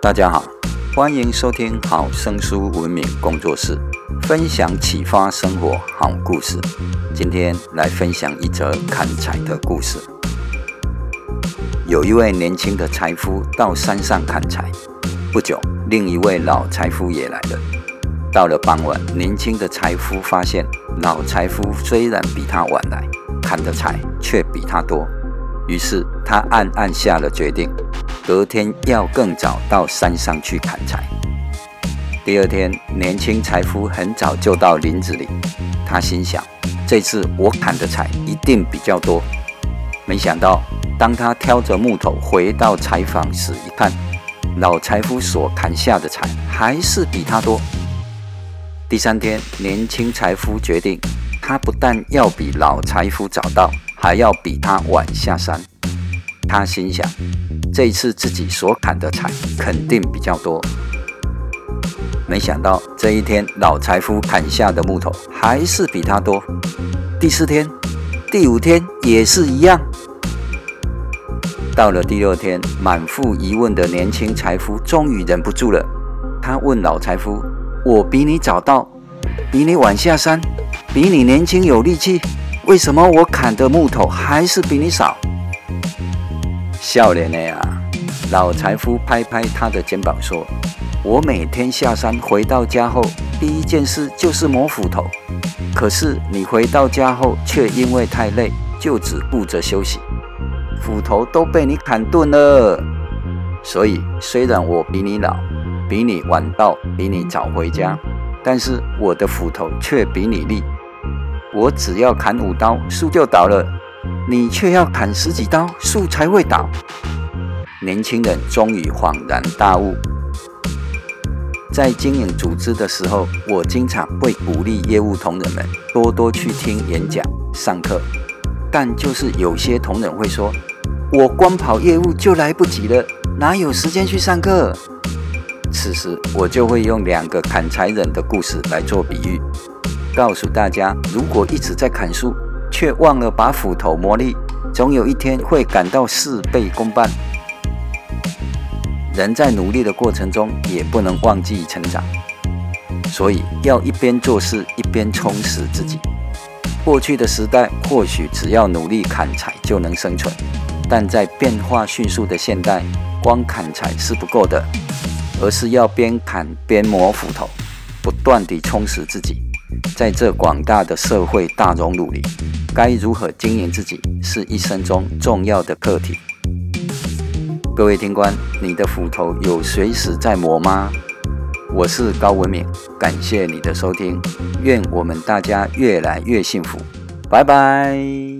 大家好，歡迎收聽好聲書文明工作室分享啟發生活好故事。今天來分享一則砍柴的故事。有一位年輕的柴夫到山上砍柴，不久，另一位老柴夫也來了。到了傍晚，年輕的柴夫發現老柴夫雖然比他晚來，砍的柴卻比他多，於是他暗暗下了決定。隔天要更早到山上去砍柴。第二天，年輕柴夫很早就到林子裡，他心想：“這次我砍的柴一定比較多。”沒想到，當他挑着木頭回到柴房時，一看，老柴夫所砍下的柴還是比他多。第三天，年輕柴夫決定，他不但要比老柴夫早到，還要比他晚下山。他心想，這一次自己所砍的柴肯定比較多。沒想到這一天老柴夫砍下的木頭還是比他多。第四天、第五天也是一樣。到了第六天，滿腹疑問的年輕柴夫終於忍不住了，他問老柴夫：“我比你早到，比你晚下山，比你年輕有力氣，為什麼我砍的木頭還是比你少？”笑臉的呀，老柴夫拍拍他的肩膀說：“我每天下山回到家後，第一件事就是磨斧頭。可是你回到家後，卻因為太累，就只顧着休息，斧頭都被你砍鈍了。所以，雖然我比你老，比你晚到，比你早回家，但是我的斧頭卻比你利。我只要砍五刀，樹就倒了。”你卻要砍十幾刀，樹才會倒。年輕人終於恍然大悟。在經營組織的時候，我經常會鼓勵業務同仁們多多去聽演講、上課，但就是有些同仁會說：“我光跑業務就來不及了，哪有時間去上課？”此時，我就會用兩個砍柴人的故事來做比喻，告訴大家：如果一直在砍樹，卻忘了把斧頭磨利，總有一天會感到事倍功半。人在努力的過程中，也不能忘記成長，所以要一邊做事一邊充實自己。過去的時代或許只要努力砍柴就能生存，但在變化迅速的現代，光砍柴是不夠的，而是要邊砍邊磨斧頭，不斷地充實自己。在這廣大的社會大熔爐裡，該如何經營自己，是一生中重要的課題。各位聽官，你的斧頭有隨時在磨嗎？我是高文敏，感謝你的收聽，願我們大家越來越幸福，拜拜。